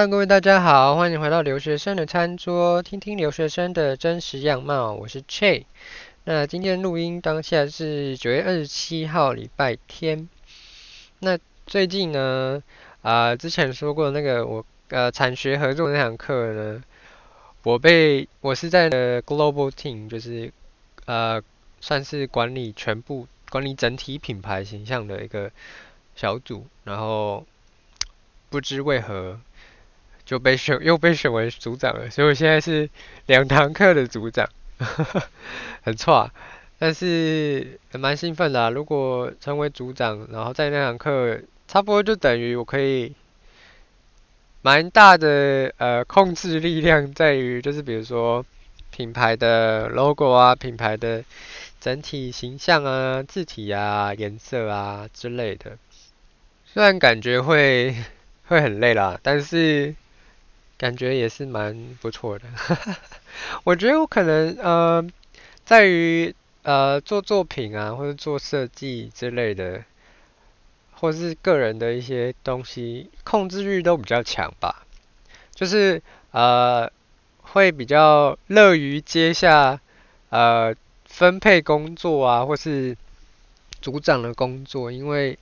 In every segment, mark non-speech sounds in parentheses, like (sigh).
Hello，各位大家好，歡迎回到留學生的餐桌，聽聽留學生的真實樣貌。我是 Chey，那今天錄音當下是九月二十七號禮拜天。那最近呢，啊、呃，之前說過那個我呃產學合作那堂課呢，我被我是在 Global Team，就是呃算是管理全部管理整體品牌形象的一個小組，然後不知為何。就被選又被選為組長了，所以我現在是兩堂課的組長，呵呵很錯，但是蠻、呃、興奮的啊。如果成為組長，然後在那堂課，差不多就等於我可以蠻大的呃控制力量，在於就是比如說品牌的 logo 啊、品牌的整體形象啊、字體啊、顏色啊之類的。雖然感覺會會很累啦，但是。感覺也是蠻不錯的。 (laughs) 我覺得我可能呃，在於呃做作品啊，或者做設計之類的，或者是個人的一些東西，控制欲都比較強吧。就是呃，會比較樂於接下呃分配工作啊，或是組長的工作，因為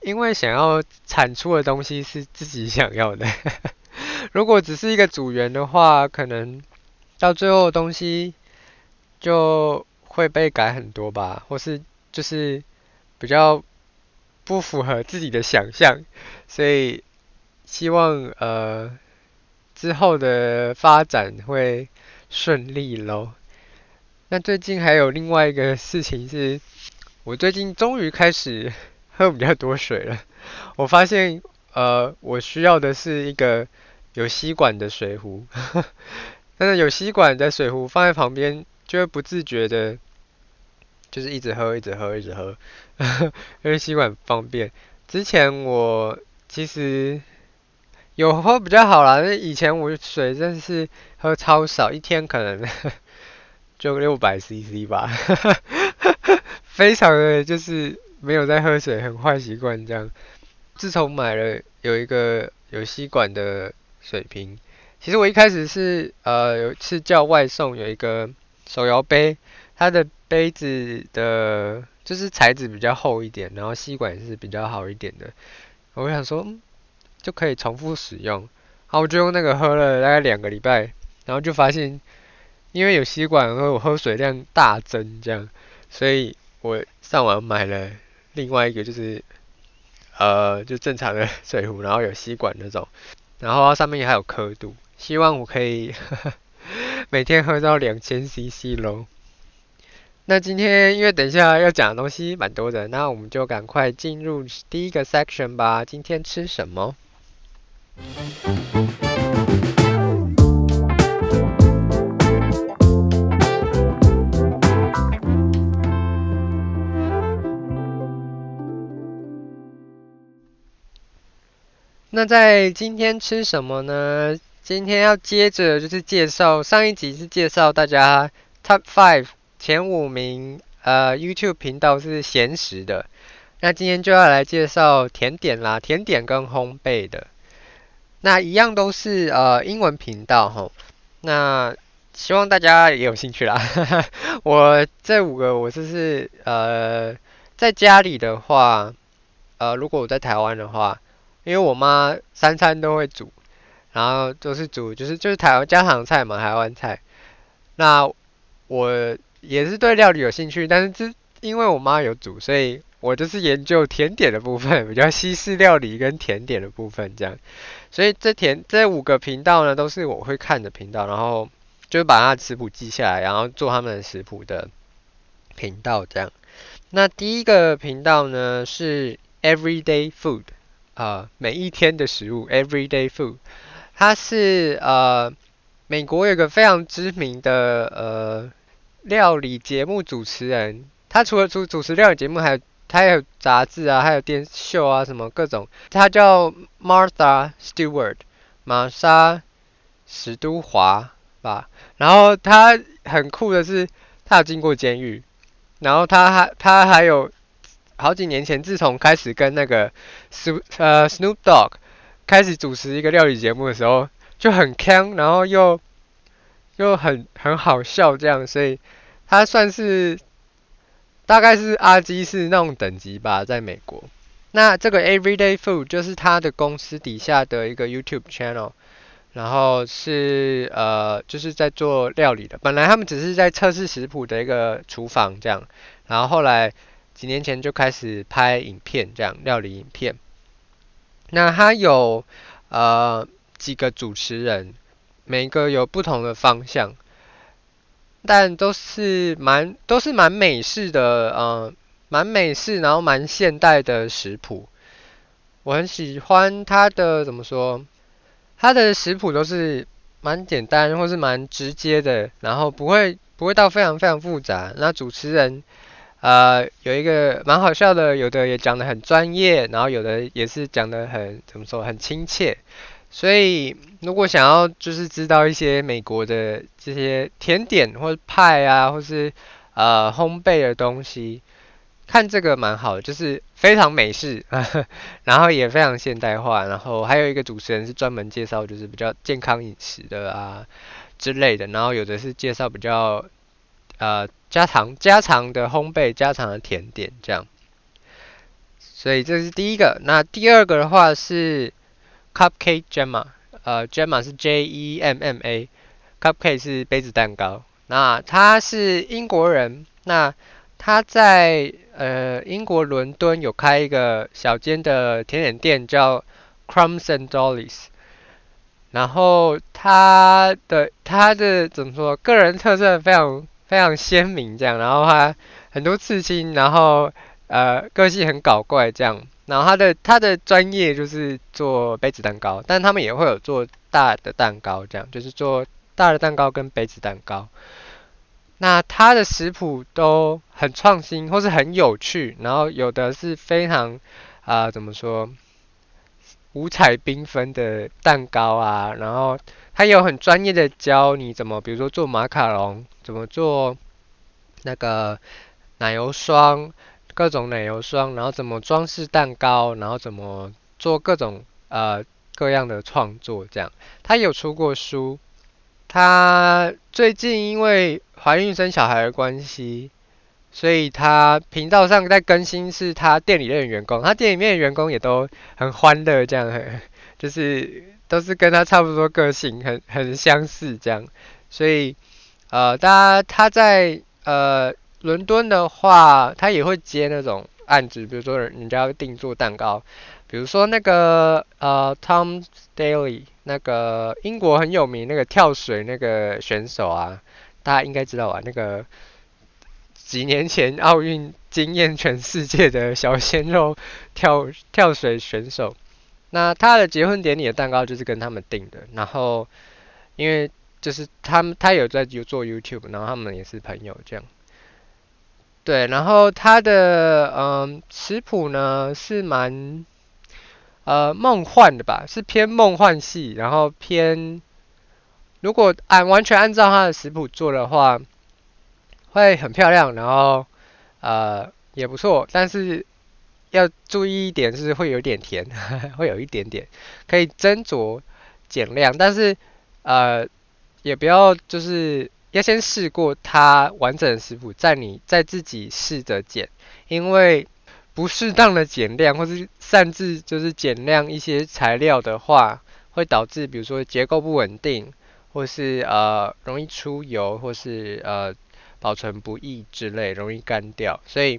因為想要產出的東西是自己想要的。 (laughs) 如果只是一個組員的話，可能到最後東西就會被改很多吧，或是就是比較不符合自己的想象，所以希望呃之後的發展會順利嘍。那最近還有另外一個事情是，我最近終於開始呵呵喝比較多水了，我發現呃我需要的是一個。有吸管的水壺， (laughs) 但是有吸管的水壺放在旁邊，就會不自覺的，就是一直喝，一直喝，一直喝， (laughs) 因為吸管方便。之前我其實有喝比較好啦，那以前我水真的是喝超少，一天可能 (laughs) 就六百 CC 吧， (laughs) 非常的就是沒有在喝水，很壞習慣這樣。自從買了有一個有吸管的。水瓶，其實我一開始是呃，有一次叫外送，有一個手搖杯，它的杯子的就是材質比較厚一點，然後吸管也是比較好一點的，我想說就可以重複使用，然後我就用那個喝了大概兩個禮拜，然後就發現因為有吸管，然後我喝水量大增這樣，所以我上網買了另外一個就是呃就正常的水壺，然後有吸管那種。然後上面也還有刻度，希望我可以呵呵每天喝到兩千 CC 咯。那今天因為等一下要講的東西蠻多的，那我們就趕快進入第一個 section 吧。今天吃什麼？ (music) 那在今天吃什麼呢？今天要接着就是介紹上一集是介紹大家 Top Five 前五名，呃，YouTube 頻道是鹹食的。那今天就要來介紹甜點啦，甜點跟烘焙的，那一樣都是呃英文頻道齁。那希望大家也有興趣啦。 (laughs) 我這五個我就是呃在家裡的話，呃如果我在台灣的話。因為我媽三餐都會煮，然後都是煮，就是就是台灣家常菜嘛，台灣菜。那我也是對料理有興趣，但是這因為我媽有煮，所以我就是研究甜點的部分，比較西式料理跟甜點的部分這樣。所以這甜這五個頻道呢，都是我會看的頻道，然後就把它的食譜記下來，然後做他們的食譜的頻道這樣。那第一個頻道呢是 Everyday Food。啊，每一天的食物，Everyday Food，他是呃，美國有一個非常知名的呃料理節目主持人，他除了主主持料理節目，還有他還有雜誌啊，還有電視秀啊，什麼各種，他叫 Martha Stewart，瑪莎史都華吧。然後他很酷的是，他有經過監獄，然後他還他還有。好幾年前，自從開始跟那個 S, 呃 Snoop Dogg 開始主持一個料理節目的時候，就很 can，然後又又很很好笑這樣，所以他算是大概是阿基師那種等級吧，在美國。那這個 Everyday Food 就是他的公司底下的一個 YouTube channel，然後是呃就是在做料理的。本來他們只是在測試食譜的一個廚房這樣，然後後來。幾年前就開始拍影片，這樣料理影片。那他有呃幾個主持人，每個有不同的方向，但都是蠻都是蠻美式的，嗯、呃，蠻美式，然後蠻現代的食譜。我很喜歡他的怎麼說？他的食譜都是蠻簡單或是蠻直接的，然後不會不會到非常非常複雜。那主持人。呃，有一個蠻好笑的，有的也講得很專業，然後有的也是講得很怎麼說很親切。所以如果想要就是知道一些美國的這些甜點或者派啊，或是呃烘焙的東西，看這個蠻好的，就是非常美式呵呵，然後也非常現代化。然後還有一個主持人是專門介紹就是比較健康飲食的啊之類的，然後有的是介紹比較呃。家常家常的烘焙，家常的甜點這樣，所以這是第一個。那第二個的話是 Cupcake Gemma，呃，Gemma 是 J E M M A，Cupcake 是杯子蛋糕。那他是英國人，那他在呃英國倫敦有開一個小間的甜點店，叫 Crumbs and Dollies。然後他的他的怎麼說？個人特色非常。非常鮮明這樣，然後他很多刺青，然後呃個性很搞怪這樣，然後他的他的專業就是做杯子蛋糕，但他們也會有做大的蛋糕這樣，就是做大的蛋糕跟杯子蛋糕。那他的食譜都很創新或是很有趣，然後有的是非常啊、呃、怎麼說五彩繽紛的蛋糕啊，然後。他有很專業的教你怎麼，比如說做馬卡龍，怎麼做那個奶油霜，各種奶油霜，然後怎麼裝飾蛋糕，然後怎麼做各種呃各樣的創作。這樣，他有出過書。他最近因為懷孕生小孩的關係，所以他頻道上在更新是他店裡面的員工，他店裡面的員工也都很歡樂，這樣就是。都是跟他差不多個性，很很相似這樣，所以，呃，他他在呃倫敦的話，他也會接那種案子，比如說人家要訂做蛋糕，比如說那個呃 Tom Daley 那個英國很有名那個跳水那個選手啊，大家應該知道啊，那個幾年前奧運驚艷全世界的小鮮肉跳跳水選手。那他的結婚典禮的蛋糕就是跟他們訂的，然後因為就是他們他有在做 YouTube，然後他們也是朋友這樣，對，然後他的嗯食譜呢是蠻呃夢幻的吧，是偏夢幻系，然後偏如果按完全按照他的食譜做的話，會很漂亮，然後呃也不錯，但是。要注意一點是會有點甜， (laughs) 會有一點點，可以斟酌減量，但是呃也不要就是要先試過它完整的食譜，再你再自己試着減，因為不適當的減量或是擅自就是減量一些材料的話，會導致比如說結構不穩定，或是呃容易出油，或是呃保存不易之類，容易乾掉，所以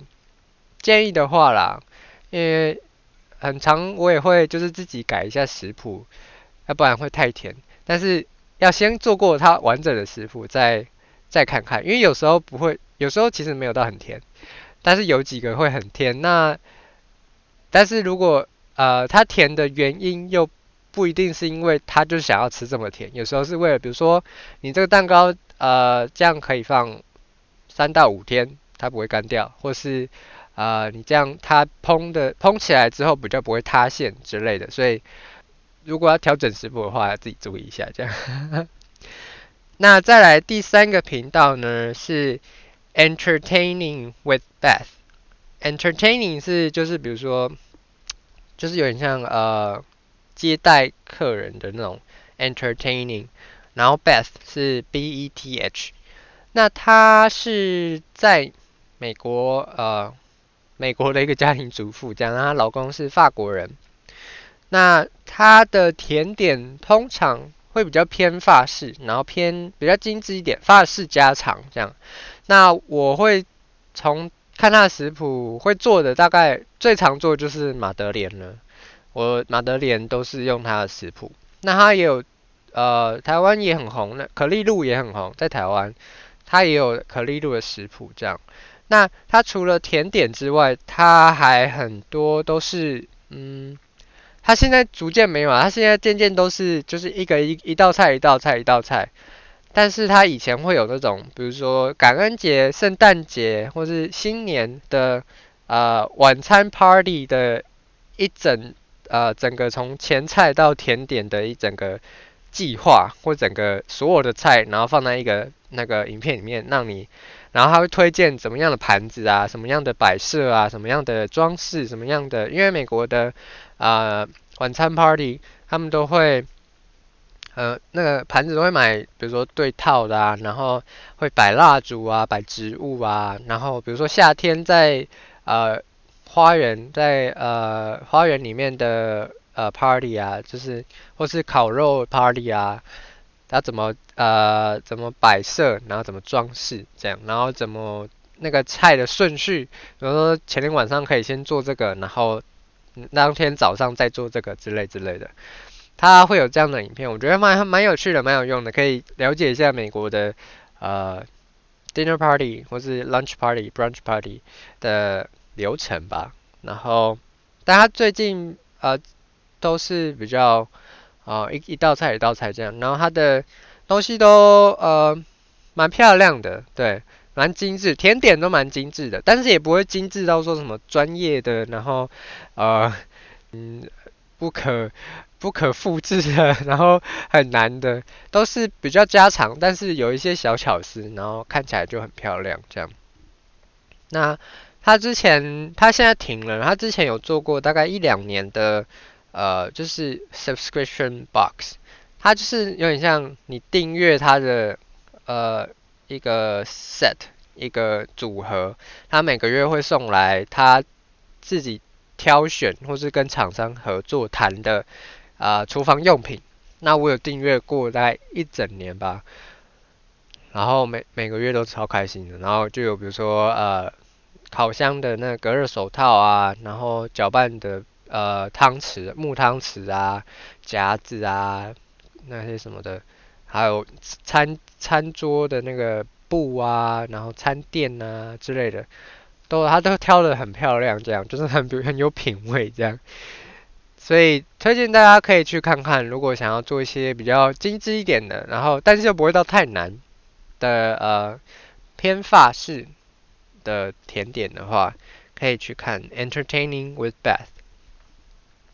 建議的話啦。因為很常，我也會就是自己改一下食譜，要、啊、不然會太甜。但是要先做過它完整的食譜，再再看看。因為有時候不會，有時候其實沒有到很甜，但是有幾個會很甜。那但是如果呃，它甜的原因又不一定是因為它就想要吃這麼甜，有時候是為了比如說你這個蛋糕呃，這樣可以放三到五天，它不會乾掉，或是。呃，你這樣它膨的膨起來之後比較不會塌陷之類的，所以如果要調整食譜的話，要自己注意一下。這樣， (laughs) 那再來第三個頻道呢是 Entertaining with Beth。Entertaining 是就是比如說就是有點像呃接待客人的那種 Entertaining，然後 Beth 是 B E T H，那他是在美國呃。美國的一個家庭主婦，這樣。她老公是法國人，那她的甜點通常會比較偏法式，然後偏比較精緻一點，法式家常這樣。那我會從看她的食譜會做的，大概最常做就是瑪德蓮了。我瑪德蓮都是用她的食譜。那她也有，呃，台灣也很紅的可麗露也很紅，在台灣，她也有可麗露的食譜這樣。那它除了甜點之外，它還很多都是，嗯，它現在逐漸沒有啊。它現在漸漸都是就是一個一一道菜一道菜一道菜，但是它以前會有那種，比如說感恩節、聖誕節或是新年的啊、呃、晚餐 party 的一整啊、呃、整個從前菜到甜點的一整個計劃或整個所有的菜，然後放在一個那個影片裡面，讓你。然後他會推薦怎麼樣的盤子啊，什麼樣的擺設啊，什麼樣的裝飾，什麼樣的，因為美國的，呃，晚餐 party，他們都會，呃，那個盤子都會買，比如說對套的，啊，然後會擺蠟燭啊，擺植物啊，然後比如說夏天在呃花園在呃花園裡面的呃 party 啊，就是或是烤肉 party 啊。要怎麼呃怎麼擺設，然後怎麼裝飾這樣，然後怎麼那個菜的順序，比如說前天晚上可以先做這個，然後當天早上再做這個之類之類的。他會有這樣的影片，我覺得蠻蠻有趣的，蠻有用的，可以了解一下美國的呃 dinner party 或是 lunch party brunch party 的流程吧。然後大家最近呃都是比較。哦，一一道菜一道菜這樣，然後他的東西都呃蠻漂亮的，對，蠻精緻，甜點都蠻精緻的，但是也不會精緻到說什麼專業的，然後呃嗯不可不可複製的，然後很難的，都是比較家常，但是有一些小巧思，然後看起來就很漂亮這樣。那他之前他現在停了，他之前有做過大概一兩年的。呃，就是 subscription box，它就是有點像你訂閱它的呃一個 set 一個組合，它每個月會送來它自己挑選或是跟廠商合作談的呃廚房用品。那我有訂閱過大概一整年吧，然後每每個月都超開心的，然後就有比如說呃烤箱的那個隔熱手套啊，然後攪拌的。呃，湯匙、木湯匙啊，夾子啊，那些什麼的，還有餐餐桌的那個布啊，然後餐墊啊之類的，都他都挑得很漂亮，這樣就是很很很有品味這樣。所以推薦大家可以去看看，如果想要做一些比較精緻一點的，然後但是又不會到太難的呃偏法式的甜點的話，可以去看《Entertaining with Beth》。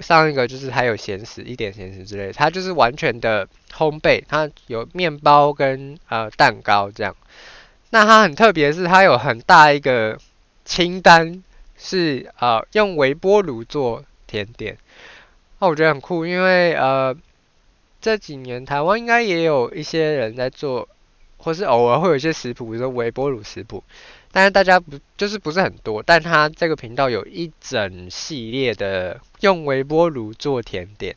上一個就是還有鹹食一點鹹食之類的，它就是完全的烘焙，它有麵包跟呃蛋糕這樣。那它很特別的是，它有很大一個清單是、呃、用微波爐做甜點，那、哦、我覺得很酷，因為呃這幾年台灣應該也有一些人在做，或是偶爾會有一些食譜，比如說微波爐食譜。但是大家不就是，不是很多，但他這個頻道有一整系列的用微波爐做甜點，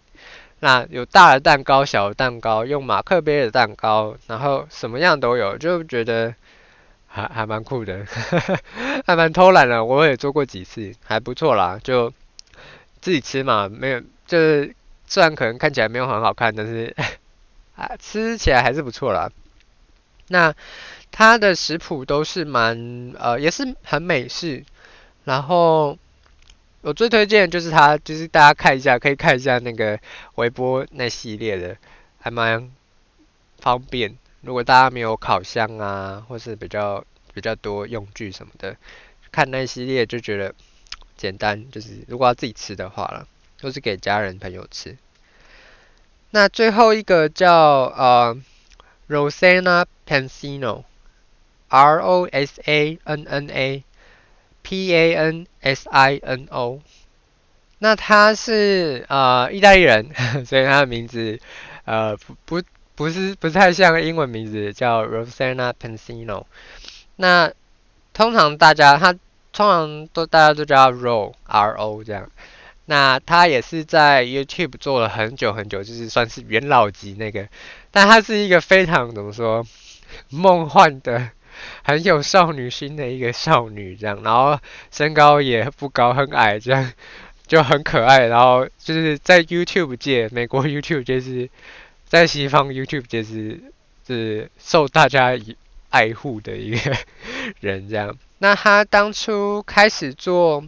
那有大的蛋糕、小的蛋糕、用馬克杯的蛋糕，然後什麼樣都有，就覺得，啊，還還蠻酷的，呵呵，還蠻偷懶的。我也做過幾次，還不錯啦，就自己吃嘛，沒有就是雖然可能看起來沒有很好看，但是，呵呵，啊，吃起來還是不錯啦。那。它的食譜都是蠻呃，也是很美式。然後我最推薦的就是它，就是大家看一下，可以看一下那個微波那系列的，還蠻方便。如果大家沒有烤箱啊，或是比較比較多用具什麼的，看那系列就覺得簡單。就是如果要自己吃的話了，都、就是給家人朋友吃。那最後一個叫呃，Rosanna Pansino。Ros R O S A N N A P A N S I N O，那他是呃意大利人呵呵，所以他的名字呃不不不是不太像英文名字叫 Rosanna Pansino。那通常大家他通常都大家都叫 Ro，Row，R O 這樣。那他也是在 YouTube 做了很久很久，就是算是元老級那個。但他是一個非常怎麼說夢幻的。很有少女心的一個少女，這樣，然後身高也不高，很矮，這樣就很可愛。然後就是在 YouTube 界，美國 YouTube 界是在西方 YouTube 界是、就是受大家以愛護的一個人，這樣。那他當初開始做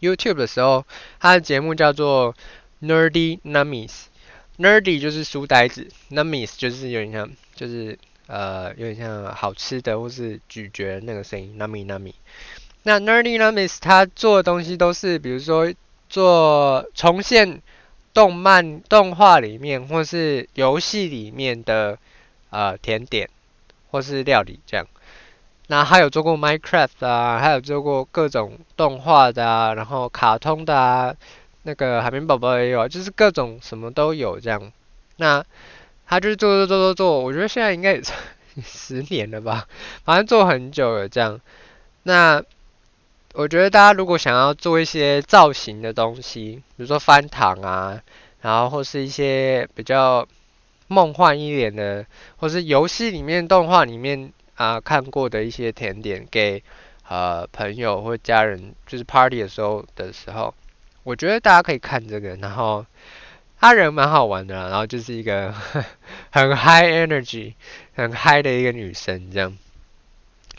YouTube 的時候，他的節目叫做 Nerdy Nummies，Nerdy 就是書呆子，Nummies 就是有點像就是。呃，有點像好吃的或是咀嚼那個聲音，nami nami。那 Nerdy Nummies 他做的東西都是，比如說做重現動漫、動畫裡面或是遊戲裡面的呃甜點或是料理這樣。那還有做過 Minecraft 啊，還有做過各種動畫的啊，然後卡通的啊，那個海綿寶寶也有，就是各種什麼都有這樣。那他就是做做做做做，我覺得現在應該也是十年了吧，反正做很久了這樣。那我覺得大家如果想要做一些造型的東西，比如說翻糖啊，然後或是一些比較夢幻一點的，或是遊戲裡面、動畫裡面啊、呃、看過的一些甜點給，給呃朋友或家人，就是 party 的時候的時候，我覺得大家可以看這個，然後。她、啊、人蠻好玩的，然後就是一個很 high energy、很嗨的一個女生，這樣，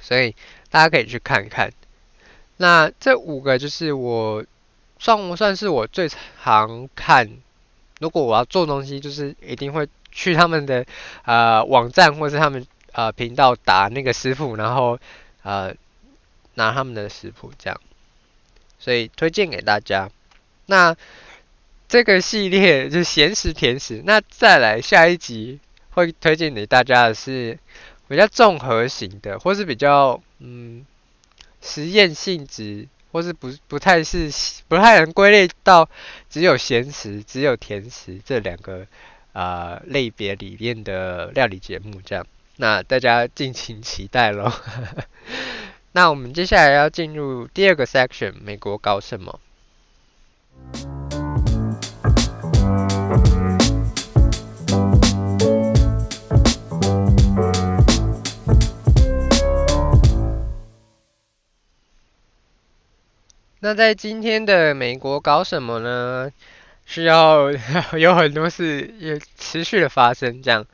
所以大家可以去看看。那這五個就是我算不算是我最常看？如果我要做東西，就是一定會去他們的呃網站或是他們呃頻道打那個食譜，然後呃拿他們的食譜這樣，所以推薦給大家。那。這個系列就鹹食、甜食，那再來下一集會推薦給大家的是比較綜合型的，或是比較嗯實驗性質，或是不不太是不太能歸類到只有鹹食、只有甜食這兩個啊、呃、類別裡面的料理節目這樣。那大家敬請期待嘍。 (laughs) 那我們接下來要進入第二個 section，美國搞什麼？那在今天的美國搞什麼呢？需要 (laughs) 有很多事也持續的發生這樣。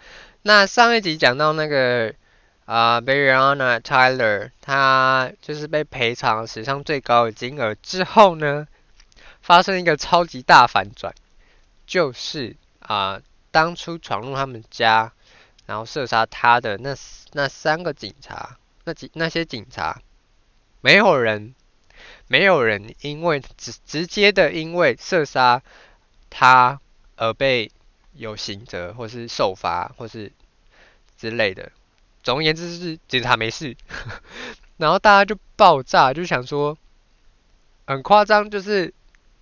那上一集講到那個啊 Breonna Taylor，他就是被賠償史上最高的金額之後呢，發生一個超級大反轉，就是啊、呃，當初闖入他們家，然後射殺他的那那三個警察，那幾，那些警察沒有人。沒有人因為直直接的因為射殺他而被有刑責，或是受罰，或是之類的。總而言之，就是警察沒事，然後大家就爆炸，就想說很誇張，就是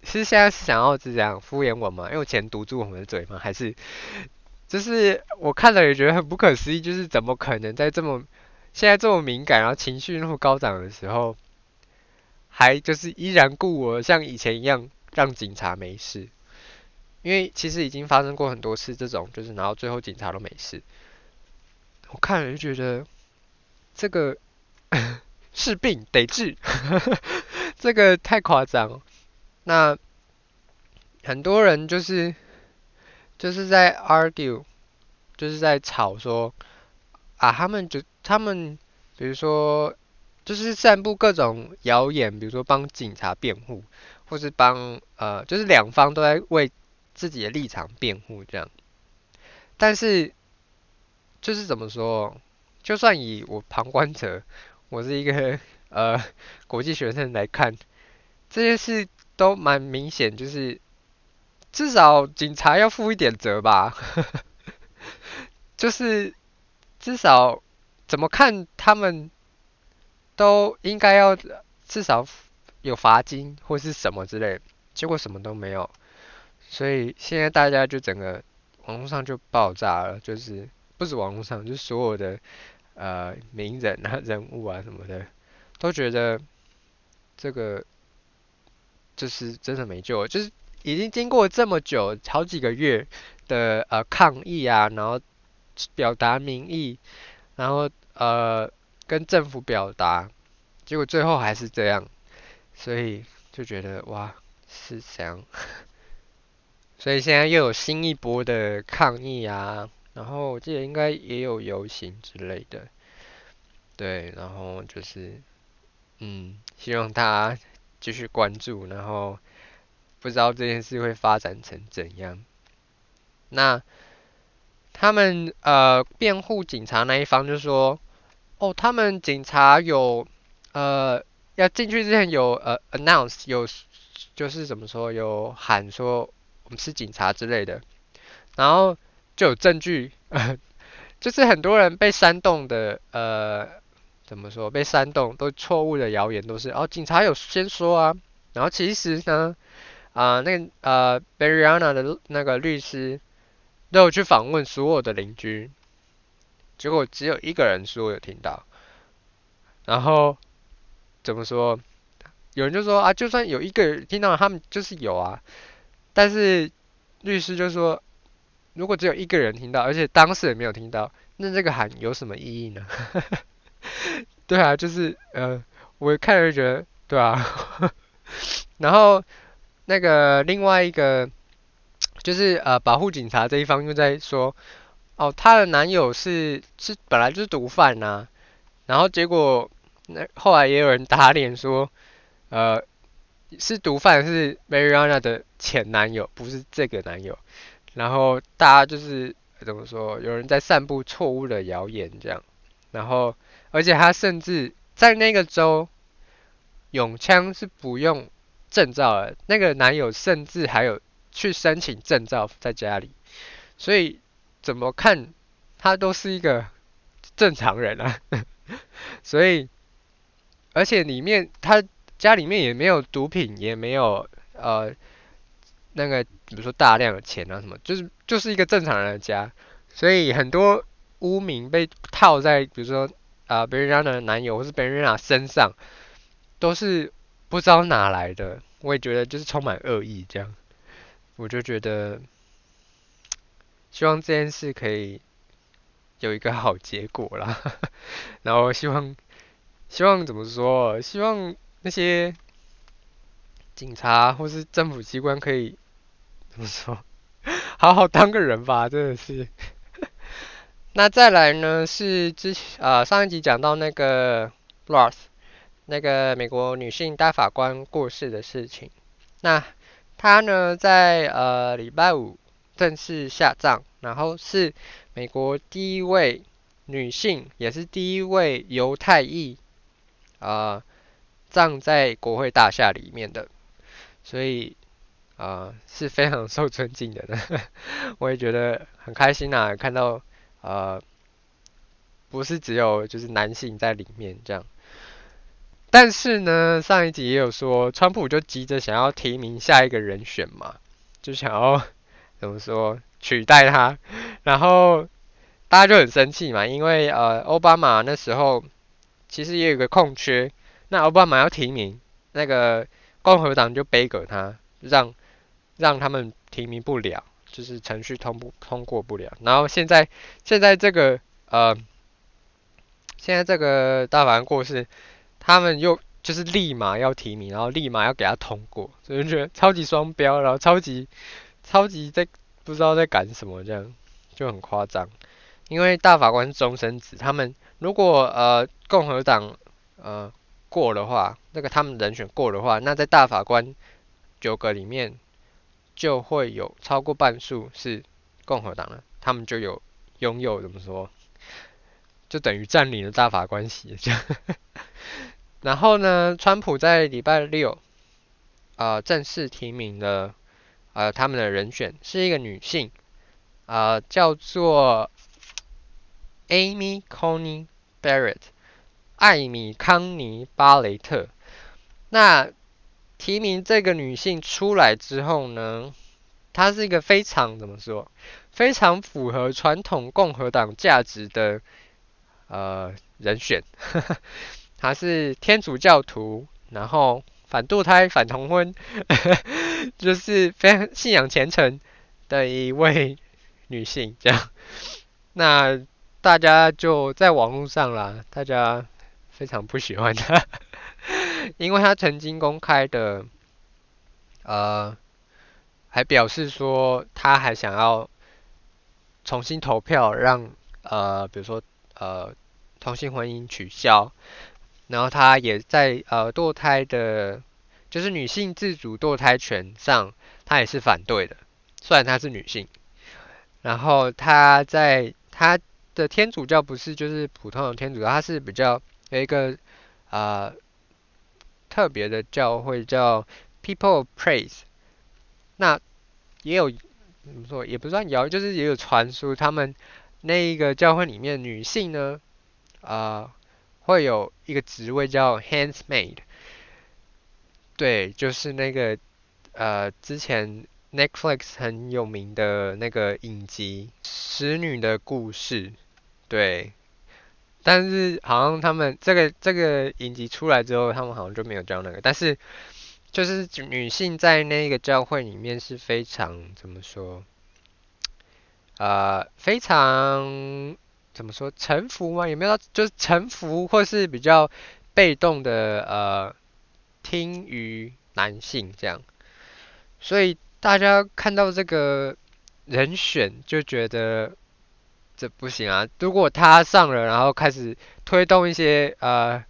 是現在是想要這樣敷衍我嗎？用錢堵住我們的嘴嗎？還是就是我看了也覺得很不可思議，就是怎麼可能在這麼現在這麼敏感，然後情緒那麼高漲的時候？還就是依然故我，像以前一樣讓警察沒事，因為其實已經發生過很多次這種，就是然後最後警察都沒事。我看了就覺得這個 (laughs) 是病得治， (laughs) 這個太誇張。那很多人就是就是在 argue，就是在吵說啊，他們就他們比如說。就是散布各種謠言，比如說幫警察辯護，或是幫呃，就是兩方都在為自己的立場辯護這樣。但是，就是怎麼說，就算以我旁觀者，我是一個呃國際學生來看，這些事都蠻明顯，就是至少警察要負一點責吧。 (laughs) 就是至少怎麼看他們。都應該要至少有罰金或是什麼之類，結果什麼都沒有，所以現在大家就整個網絡上就爆炸了，就是不止網絡上，就是所有的呃名人啊、人物啊什麼的，都覺得這個就是真的沒救了，就是已經經過這麼久、好幾個月的呃抗議啊，然後表達民意，然後呃。跟政府表達，結果最後還是這樣，所以就覺得哇是這樣， (laughs) 所以現在又有新一波的抗議啊，然後我記得應該也有遊行之類的，對，然後就是嗯，希望他繼續關注，然後不知道這件事會發展成怎樣。那他們呃，辯護警察那一方就說。哦，他們警察有，呃，要進去之前有呃 announce 有，就是怎麼說有喊說我們是警察之類的，然後就有證據，呵呵就是很多人被煽動的，呃，怎麼說被煽動都錯誤的謠言都是，哦，警察有先說啊，然後其實呢，啊、呃，那個呃，Barryana 的那個律師都有去訪問所有的鄰居。結果只有一個人說有聽到，然後怎麼說？有人就說啊，就算有一個人聽到，他們就是有啊。但是律師就說，如果只有一個人聽到，而且當事人沒有聽到，那這個喊有什麼意義呢？ (laughs) 對啊，就是呃，我看了就覺得對啊。 (laughs) 然後那個另外一個就是呃，保護警察這一方又在說。哦，她的男友是是本來就是毒販吶、啊，然後結果那後來也有人打臉說，呃，是毒販是 Mariana 的前男友，不是這個男友。然後大家就是怎麼說，有人在散布錯誤的謠言這樣。然後，而且他甚至在那個州，擁槍是不用證照的。那個男友甚至還有去申請證照在家裡，所以。怎麼看，他都是一個正常人啊， (laughs) 所以，而且裡面他家裡面也沒有毒品，也沒有呃，那個比如說大量的錢啊什麼，就是就是一個正常人的家，所以很多污名被套在比如說啊別人家的男友或是別人啊身上，都是不知道哪來的，我也覺得就是充滿惡意這樣，我就覺得。希望這件事可以有一個好結果啦，然後希望，希望怎麼說？希望那些警察或是政府機關可以怎麼說？好好當個人吧，真的是。那再來呢，是之前呃上一集講到那個 Ross 那個美國女性大法官過世的事情。那她呢，在呃禮拜五。正式下葬，然後是美國第一位女性，也是第一位猶太裔，啊、呃、葬在國會大廈裡面的，所以啊、呃、是非常受尊敬的呢， (laughs) 我也覺得很開心啊，看到啊、呃、不是只有就是男性在裡面這樣，但是呢上一集也有說，川普就急着想要提名下一個人選嘛，就想要。怎麼說取代他，然後大家就很生氣嘛，因為呃，奧巴馬那時候其實也有個空缺，那奧巴馬要提名，那個共和黨就杯葛他，讓讓他們提名不了，就是程序通不通過不了。然後現在現在這個呃，現在這個大法官過世他們又就是立馬要提名，然後立馬要給他通過，所以就覺得超級雙標，然後超級。超級在不知道在趕什麼，這樣就很誇張。因為大法官是終身制，他們如果呃共和黨呃過的話，那個他們人選過的話，那在大法官九個裡面就會有超過半數是共和黨了，他們就有擁有怎麼說，就等於佔領了大法官席，這樣。然後呢，川普在禮拜六啊、呃、正式提名了。呃，他們的人選是一個女性，呃，叫做 Amy Coney Barrett，艾米康尼巴雷特。那提名這個女性出來之後呢，她是一個非常怎麼說，非常符合傳統共和黨價值的呃人選。 (laughs) 她是天主教徒，然後。反墮胎、反同婚呵呵，就是非常信仰虔誠的一位女性，這樣。那大家就在網絡上啦，大家非常不喜歡她，因為她曾經公開的，呃，還表示說，她還想要重新投票，讓呃，比如說呃，同性婚姻取消。然後她也在呃墮胎的，就是女性自主墮胎權上，她也是反對的。雖然她是女性，然後她在她的天主教不是就是普通的天主教，她是比較有一個呃特別的教會叫 People of Praise。那也有怎麼說也不算謠，就是也有傳說，他們那一個教會裡面女性呢，啊、呃。會有一個職位叫 handsmaid 對，就是那個呃，之前 Netflix 很有名的那個影集《使女的故事》，對。但是好像他們這個這個影集出來之後，他們好像就沒有這樣那個。但是就是女性在那個教會裡面是非常怎麼說？呃，非常。怎麼說臣服嗎？有沒有就是臣服，或是比較被動的呃聽於男性這樣？所以大家看到這個人選就覺得這不行啊！如果他上了，然後開始推動一些呃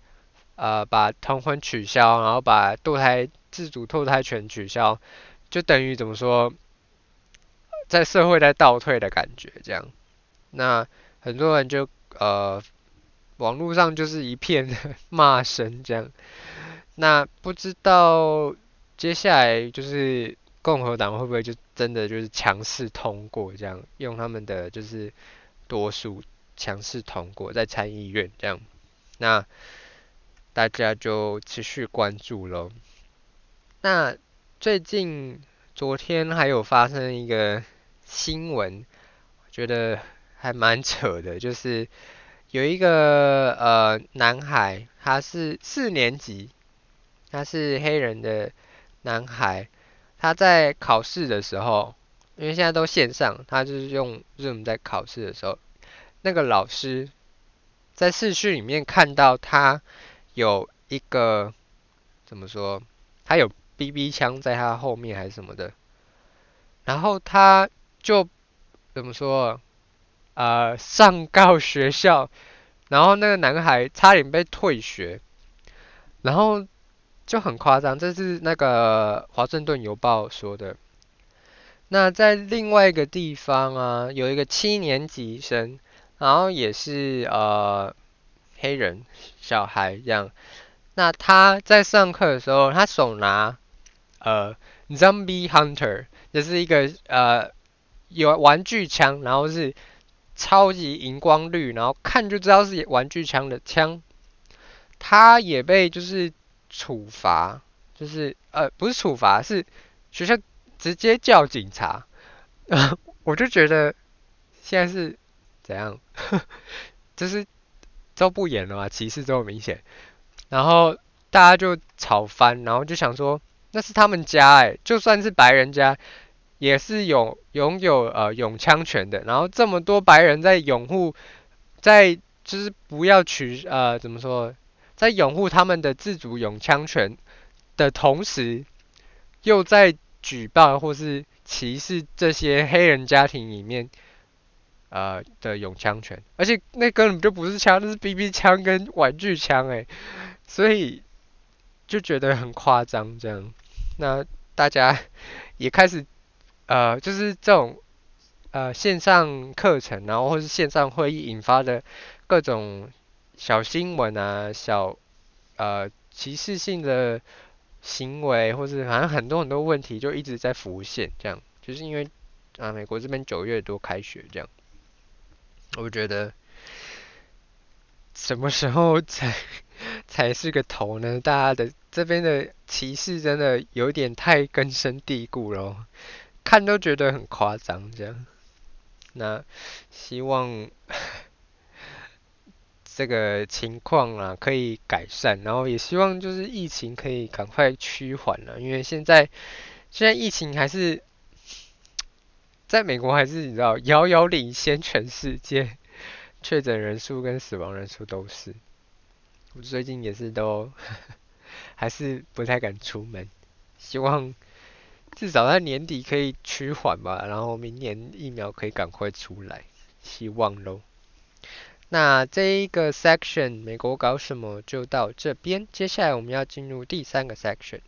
呃把同婚取消，然後把墮胎自主墮胎權取消，就等於怎麼說，在社會在倒退的感覺這樣。那很多人就呃，網絡上就是一片罵聲這樣。那不知道接下來就是共和黨會不會就真的就是強勢通過這樣，用他們的就是多數強勢通過在參議院這樣。那大家就持續關注咯。那最近昨天還有發生一個新聞，我覺得。還蠻扯的，就是有一個呃男孩，他是四年級，他是黑人的男孩，他在考試的時候，因為現在都線上，他就是用 Zoom 在考試的時候，那個老師在視訊裡面看到他有一個怎麼說，他有 BB 槍在他後面還是什麼的，然後他就怎麼說？呃，上告學校，然後那個男孩差點被退學，然後就很誇張。這是那個《華盛頓郵報》說的。那在另外一個地方啊，有一個七年級生，然後也是呃黑人小孩，這樣。那他在上課的時候，他手拿呃《Zombie Hunter》，就是一個呃有玩具槍，然後是。超級熒光綠然後看就知道是玩具槍的槍。他也被就是處罰，就是呃不是處罰，是學校直接叫警察。 (laughs) 我就覺得現在是怎樣， (laughs) 就是都不演了嘛，歧視這麼明顯，然後大家就吵翻，然後就想說那是他們家哎、欸，就算是白人家，也是有擁有呃擁槍權的。然後這麼多白人在擁護，在就是不要取呃怎麼說，在擁護他們的自主擁槍權的同時，又在舉報或是歧視這些黑人家庭裡面，呃的擁槍權，而且那根本就不是槍，那，就是 BB 槍跟玩具槍誒、欸，所以就覺得很誇張這樣，那大家也開始。呃，就是這種呃線上課程，然後或是線上會議引發的各種小新聞啊，小呃歧視性的行為，或是好像很多很多問題就一直在浮現。這樣，就是因為啊美國這邊九月多開學這樣，我覺得什麼時候才才是個頭呢？大家的這邊的歧視真的有點太根深蒂固了喔。看都覺得很誇張，這樣。那希望這個情況啊可以改善，然後也希望就是疫情可以趕快趨緩了，因為現在現在疫情還是在美國還是你知道遙遙領先全世界，確診人數跟死亡人數都是。我最近也是都還是不太敢出門，希望。至少在年底可以趨緩吧，然後明年疫苗可以趕快出來，希望嘍。那這一個 section，美國搞什麼就到這邊，接下來我們要進入第三個 section。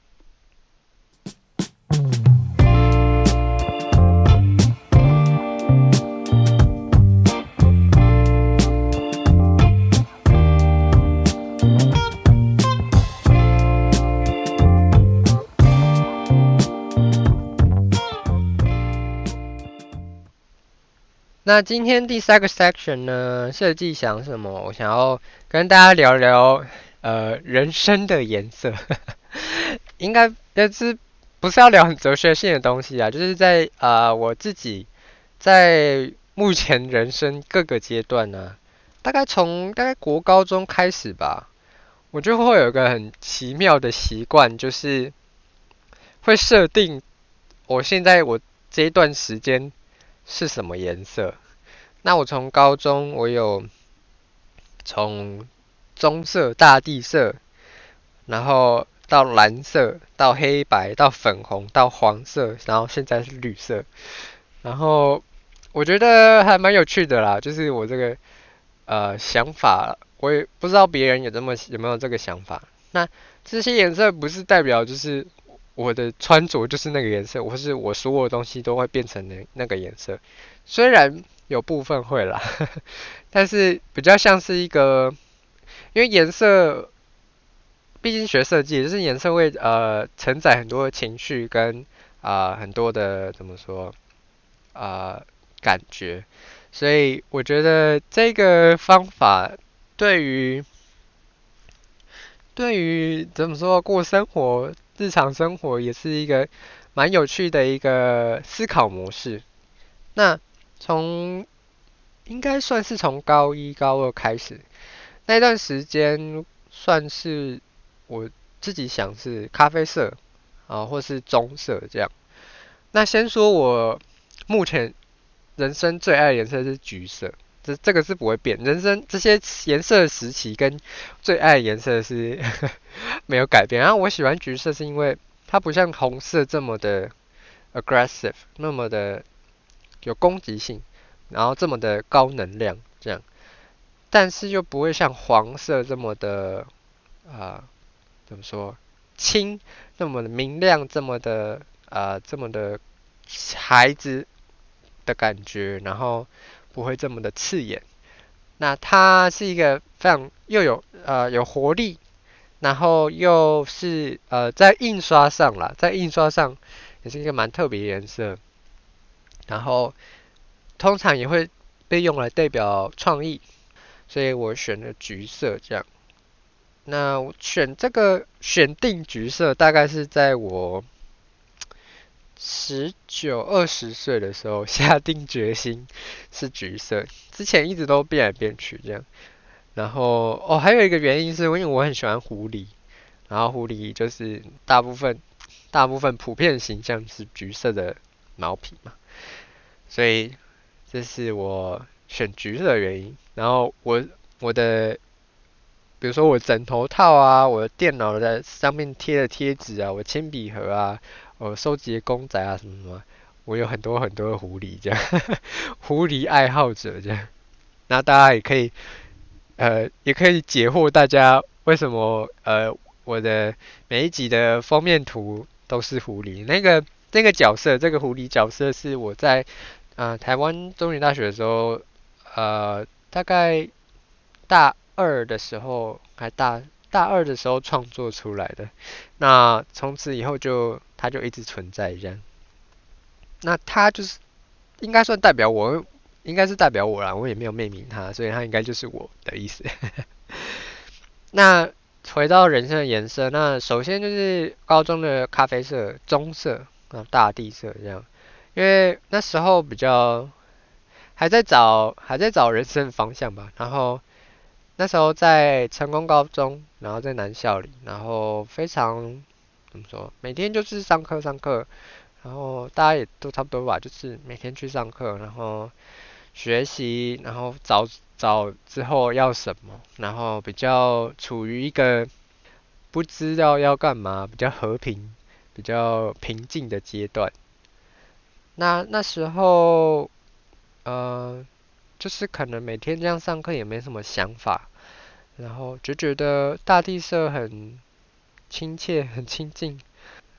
那今天第三個 section 呢，設計想什麼？我想要跟大家聊聊，呃，人生的顏色， (laughs) 應該就是不是要聊很哲學性的東西啊？就是在啊、呃，我自己在目前人生各個階段呢、啊，大概從大概國高中開始吧，我就會有一個很奇妙的習慣，就是會設定我現在我這一段時間。是什麼顏色？那我從高中我有從棕色、大地色，然後到藍色，到黑白，到粉紅，到黃色，然後現在是綠色。然後我覺得還蠻有趣的啦，就是我這個呃想法，我也不知道別人有這麼，有沒有這個想法。那這些顏色不是代表就是。我的穿着就是那個顏色，或是我所有的東西都會變成那那個顏色，雖然有部分會啦，呵呵，但是比較像是一個，因為顏色，畢竟學設計，就是顏色會呃承載很多的情緒跟啊、呃、很多的怎麼說啊、呃、感覺，所以我覺得這個方法對於對於怎麼說過生活。日常生活也是一個蠻有趣的一個思考模式。那從應該算是從高一高二開始，那段時間算是我自己想是咖啡色啊，或是棕色這樣。那先說我目前人生最愛的顏色是橘色。這這個是不會變，人生這些顏色的時期跟最愛的顏色是呵呵沒有改變。然、啊、後我喜歡橘色，是因為它不像紅色這麼的 aggressive，那麼的有攻擊性，然後這麼的高能量這樣，但是又不會像黃色這麼的啊、呃，怎麼說，清，那麼的明亮，這麼的啊、呃，這麼的孩子的感覺，然後。不會這麼的刺眼，那它是一個非常又有呃有活力，然後又是呃在印刷上啦，在印刷上也是一個蠻特別的顏色，然後通常也會被用來代表創意，所以我選了橘色這樣，那選這個選定橘色大概是在我。十九二十歲的時候下定決心是橘色，之前一直都變來變去這樣。然後哦，還有一個原因是，因為我很喜歡狐狸，然後狐狸就是大部分大部分普遍形象是橘色的毛皮嘛，所以這是我選橘色的原因。然後我我的，比如說我枕頭套啊，我的電腦的上面貼的貼紙啊，我鉛筆盒啊。我收集的公仔啊，什麼什麼、啊，我有很多很多的狐狸這樣， (laughs) 狐狸愛好者這樣。那大家也可以，呃，也可以解惑大家為什麼呃我的每一集的封面圖都是狐狸。那個那個角色，這個狐狸角色是我在啊、呃、台灣中原大學的時候，呃，大概大二的時候還大大二的時候創作出來的。那從此以後就。他就一直存在這樣，那他就是應該算代表我，應該是代表我啦，我也沒有命名他，所以他應該就是我的意思。 (laughs) 那回到人生的顏色，那首先就是高中的咖啡色、棕色啊，大地色這樣，因為那時候比較還在找還在找人生的方向吧。然後那時候在成功高中，然後在南校男校裡，然後非常。怎麼說？每天就是上課上課，然後大家也都差不多吧，就是每天去上課，然後學習，然後找找之後要什麼，然後比較處於一個不知道要幹嘛，比較和平、比較平靜的階段。那那時候，呃，就是可能每天這樣上課也沒什麼想法，然後就覺得大地色很。親切，很親近，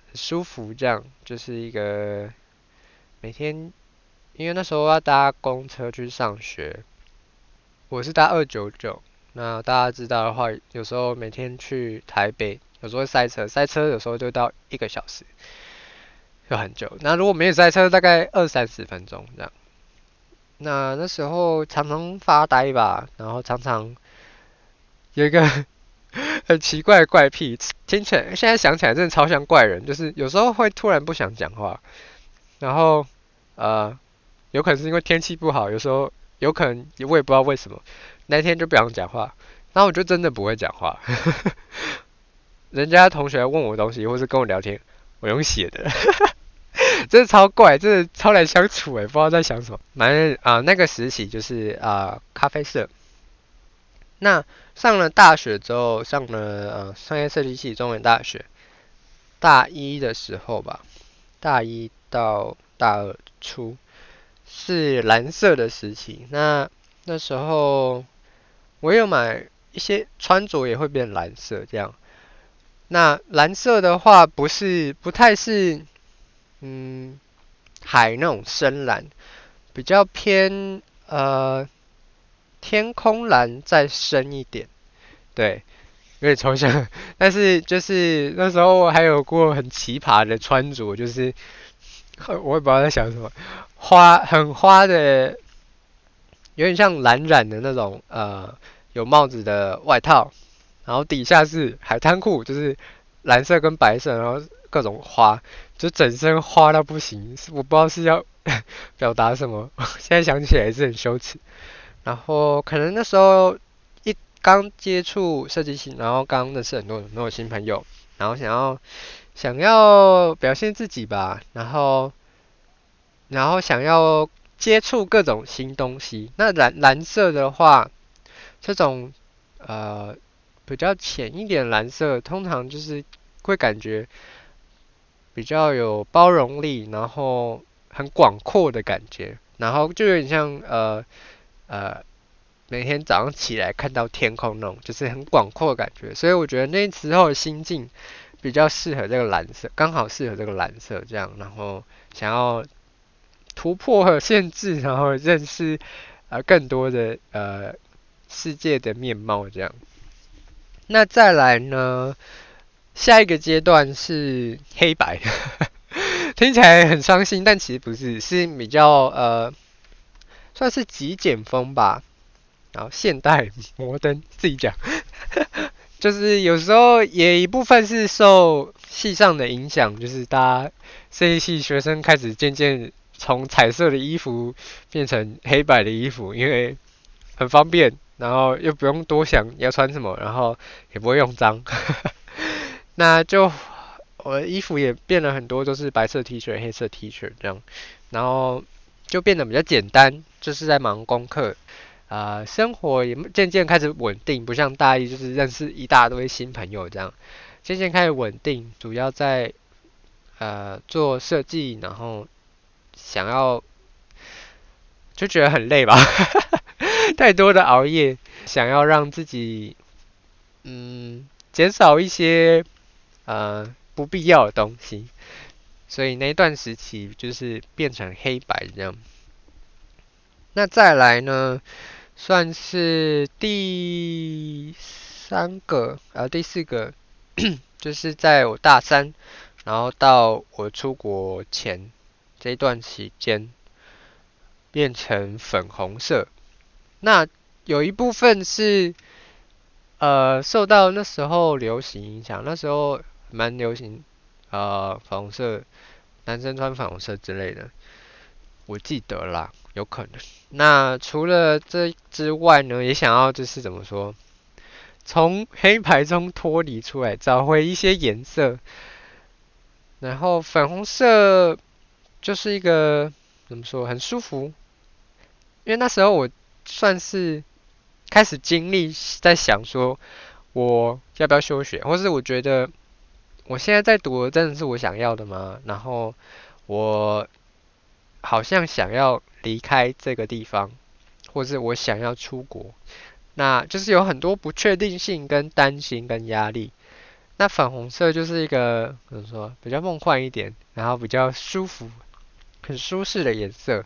很舒服，這樣就是一個每天，因為那時候要搭公車去上學，我是搭二九九，那大家知道的話，有時候每天去台北，有時候會塞車，塞車有時候就到一個小時，就很久。那如果沒有塞車，大概二三十分鐘這樣。那那時候常常發呆吧，然後常常有一個。很奇怪怪癖，聽起來現在想起來真的超像怪人，就是有時候會突然不想講話，然後呃，有可能是因為天氣不好，有時候有可能我也不知道為什麼，那天就不想講話，然後我就真的不會講話呵呵，人家同學問我東西或是跟我聊天，我用寫的呵呵，真的超怪，真的超難相處哎、欸，不知道在想什麼？反正啊那個時期就是啊、呃、咖啡色。那上了大學之後，上了呃商業設計系，中文大學大一的時候吧，大一到大二初是藍色的時期。那那時候我有買一些穿着也會變藍色這樣。那藍色的話，不是不太是嗯海那種深藍，比較偏呃。天空藍再深一點，對，有點抽象。但是就是那時候我還有過很奇葩的穿着，就是我也不知道在想什麼，花很花的，有點像藍染的那種，呃，有帽子的外套，然後底下是海灘褲，就是藍色跟白色，然後各種花，就整身花到不行，我不知道是要表達什麼，現在想起來是很羞恥。然後可能那時候一剛接觸設計系，然後剛認識很多很多新朋友，然後想要想要表現自己吧，然後然後想要接觸各種新東西。那藍藍色的話，這種呃比較淺一點藍色，通常就是會感覺比較有包容力，然後很廣闊的感覺，然後就有點像呃。呃，每天早上起來看到天空那種，就是很廣闊的感覺，所以我覺得那時候的心境比較適合這個藍色，剛好適合這個藍色這樣。然後想要突破和限制，然後認識呃更多的呃世界的面貌這樣。那再來呢？下一個階段是黑白， (laughs) 聽起來很傷心，但其實不是，是比較呃。算是極簡風吧，然後現代、摩登，自己講， (laughs) 就是有時候也一部分是受系上的影響，就是大家設計系學生開始漸漸從彩色的衣服變成黑白的衣服，因為很方便，然後又不用多想要穿什麼，然後也不會用髒， (laughs) 那就我的衣服也變了很多，就是白色 T 恤、黑色 T 恤這樣，然後。就變得比較簡單，就是在忙功課，呃，生活也漸漸開始穩定，不像大一就是認識一大堆新朋友這樣，漸漸開始穩定，主要在呃做設計，然後想要就覺得很累吧， (laughs) 太多的熬夜，想要讓自己嗯減少一些呃不必要的東西。所以那段時期就是變成黑白這樣。那再來呢，算是第三個呃、啊、第四個，就是在我大三，然後到我出國前這一段期間，變成粉紅色。那有一部分是，呃，受到那時候流行影響，那時候蠻流行，呃，粉紅色，男生穿粉紅色之類的，我記得啦，有可能。那除了這之外呢，也想要就是怎麼說，從黑白中脫離出來，找回一些顏色。然後粉紅色就是一個怎麼說很舒服，因為那時候我算是開始經歷在想說我要不要休學，或是我覺得。我現在在讀的真的是我想要的嗎？然後我好像想要離開這個地方，或是我想要出國，那就是有很多不確定性，跟擔心，跟壓力。那粉紅色就是一個怎麼說比較夢幻一點，然後比較舒服，很舒適的顏色。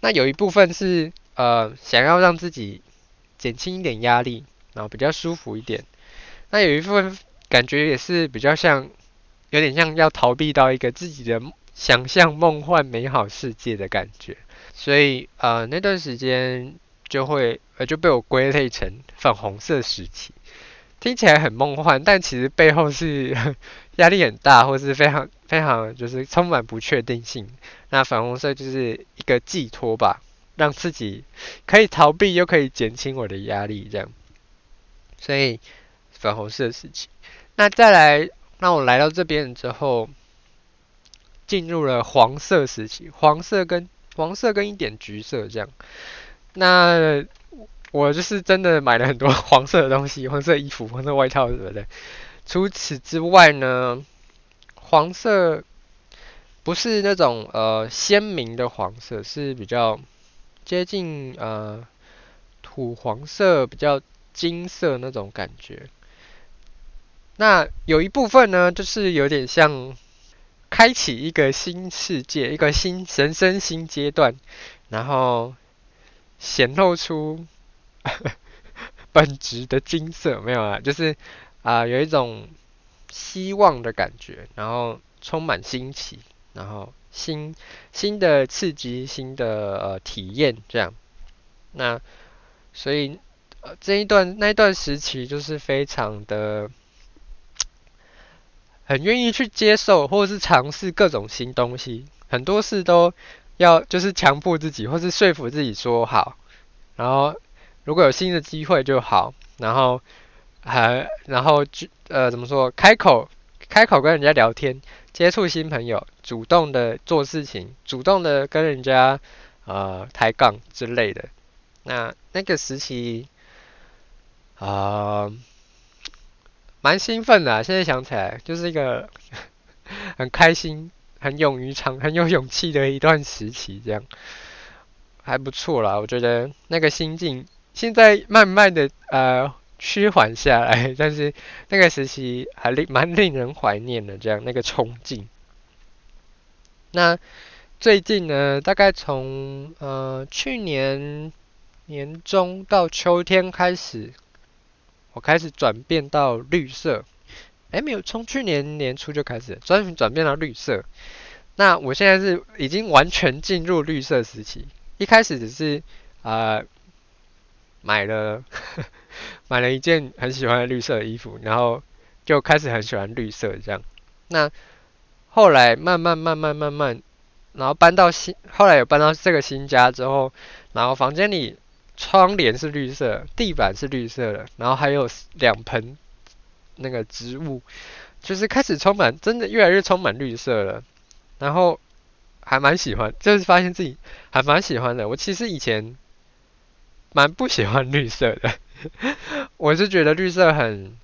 那有一部分是呃想要讓自己減輕一點壓力，然後比較舒服一點。那有一部分。感覺也是比較像，有點像要逃避到一個自己的想象、夢幻、美好世界的感覺。所以，呃，那段時間就會呃就被我歸類成粉紅色時期。聽起來很夢幻，但其實背後是壓力很大，或是非常非常就是充滿不確定性。那粉紅色就是一個寄托吧，讓自己可以逃避，又可以減輕我的壓力，這樣。所以，粉紅色時期。那再來，那我來到這邊之後，進入了黃色時期，黃色跟黃色跟一點橘色這樣。那我就是真的買了很多黃色的東西，黃色衣服、黃色外套，什麼的，除此之外呢，黃色不是那種呃鮮明的黃色，是比較接近呃土黃色、比較金色那種感覺。那有一部分呢，就是有點像開啟一個新世界，一個新人生、新階段，然後顯露出 (laughs) 本質的金色，沒有啦，就是啊、呃，有一種希望的感覺，然後充滿新奇，然後新、新的刺激，新的呃體驗，這樣。那所以、呃、這一段，那一段時期就是非常的。很願意去接受，或是嘗試各種新東西。很多事都要就是強迫自己，或是說服自己說好。然後如果有新的機會就好。然後還然後就呃怎麼說？開口開口跟人家聊天，接觸新朋友，主動的做事情，主動的跟人家呃抬槓之類的。那那個時期，啊。蠻興奮的、啊，現在想起來就是一個很開心、很勇於嘗、很有勇氣的一段時期，這樣還不錯啦，我覺得那個心境現在慢慢的呃趨緩下來，但是那個時期還蠻令人懷念的，這樣那個衝勁。那最近呢，大概從呃去年年中到秋天開始。我開始轉變到綠色，哎、欸，沒有，從去年年初就開始轉轉變到綠色。那我現在是已經完全進入綠色時期。一開始只是呃買了呵呵買了一件很喜歡的綠色的衣服，然後就開始很喜歡綠色這樣。那後來慢慢慢慢慢慢，然後搬到新，後來有搬到這個新家之後，然後房間裡。窗簾是綠色，地板是綠色的，然後還有兩盆那個植物，就是開始充滿，真的越來越充滿綠色了。然後還蠻喜歡，就是發現自己還蠻喜歡的。我其實以前蠻不喜歡綠色的， (laughs) 我是覺得綠色很，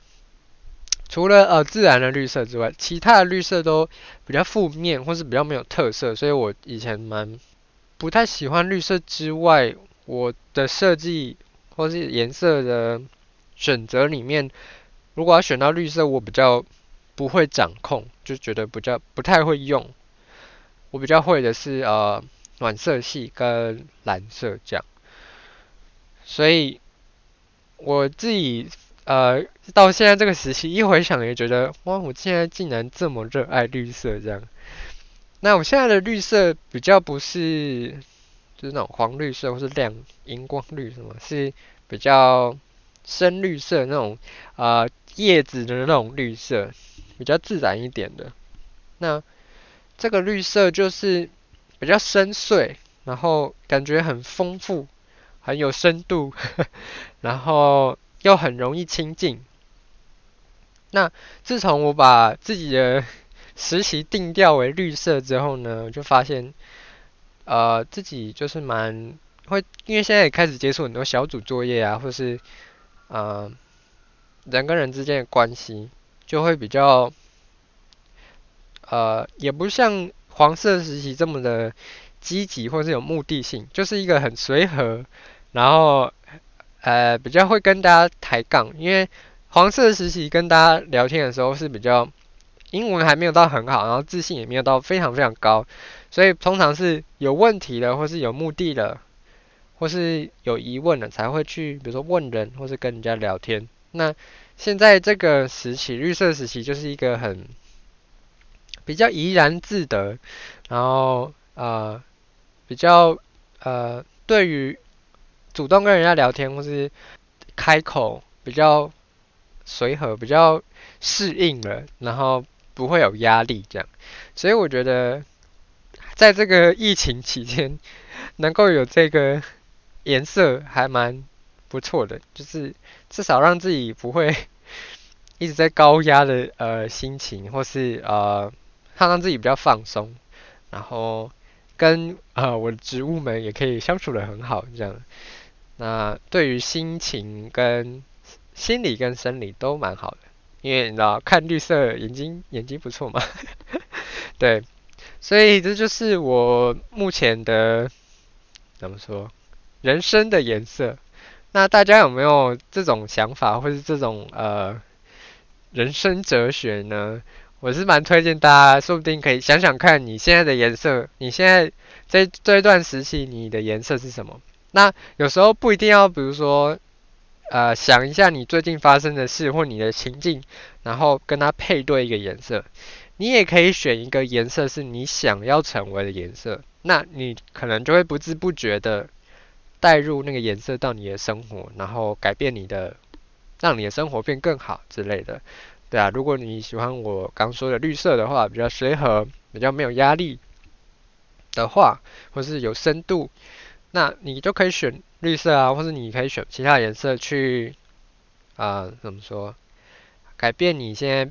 除了呃自然的綠色之外，其他的綠色都比較負面或是比較沒有特色，所以我以前蠻不太喜歡綠色之外。我的設計或是顏色的選擇裡面，如果要選到綠色，我比較不會掌控，就覺得比較不太會用。我比較會的是呃暖色系跟藍色這樣。所以我自己呃到現在這個時期一回想，也覺得哇，我現在竟然這麼熱愛綠色這樣。那我現在的綠色比較不是。就是那種黃綠色，或是亮熒光綠，什麼是比較深綠色那種？呃，葉子的那種綠色，比較自然一點的。那這個綠色就是比較深邃，然後感覺很豐富，很有深度， (laughs) 然後又很容易親近。那自從我把自己的時期定調為綠色之後呢，我就發現。呃，自己就是蠻會，因為現在也開始接觸很多小組作業啊，或是，呃，人跟人之間的關係就會比較，呃，也不像黃色時期這麼的積極或者是有目的性，就是一個很隨和，然後，呃，比較會跟大家抬槓，因為黃色時期跟大家聊天的時候是比較，英文還沒有到很好，然後自信也沒有到非常非常高，所以通常是有問題的，或是有目的的，或是有疑問的，才會去，比如說問人，或是跟人家聊天。那現在這個時期，綠色時期，就是一個很比較怡然自得，然後呃比較呃對於主動跟人家聊天或是開口比較隨和，比較適應了，然後不會有壓力這樣。所以我覺得。在這個疫情期間，能夠有這個顏色還蠻不錯的，就是至少讓自己不會一直在高壓的呃心情，或是呃，它讓自己比較放鬆，然後跟呃我的植物們也可以相處得很好這樣。那對於心情跟心理跟生理都蠻好的，因為你知道看綠色眼睛眼睛不錯嘛， (laughs) 對。所以這就是我目前的怎麼說，人生的顏色。那大家有沒有這種想法，或是這種呃人生哲學呢？我是蠻推薦大家，說不定可以想想看你現在的顏色，你現在這一這一段時期你的顏色是什麼？那有時候不一定要，比如說呃想一下你最近發生的事或你的情境，然後跟它配對一個顏色。你也可以選一個顏色是你想要成為的顏色，那你可能就會不知不覺的帶入那個顏色到你的生活，然後改變你的，讓你的生活變更好之類的，對啊。如果你喜歡我剛說的綠色的話，比較隨和，比較沒有壓力的話，或是有深度，那你就可以選綠色啊，或是你可以選其他顏色去，啊、呃，怎麼說，改變你現在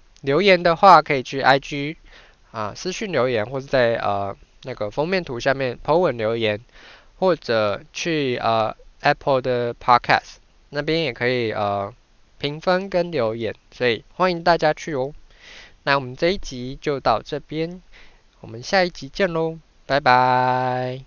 留言的話，可以去 IG 啊，私訊留言，或者在呃那個封面圖下面 PO 文留言，或者去呃 Apple 的 Podcast 那邊也可以呃評分跟留言，所以歡迎大家去哦。那我們這一集就到這邊，我們下一集見嘍，拜拜。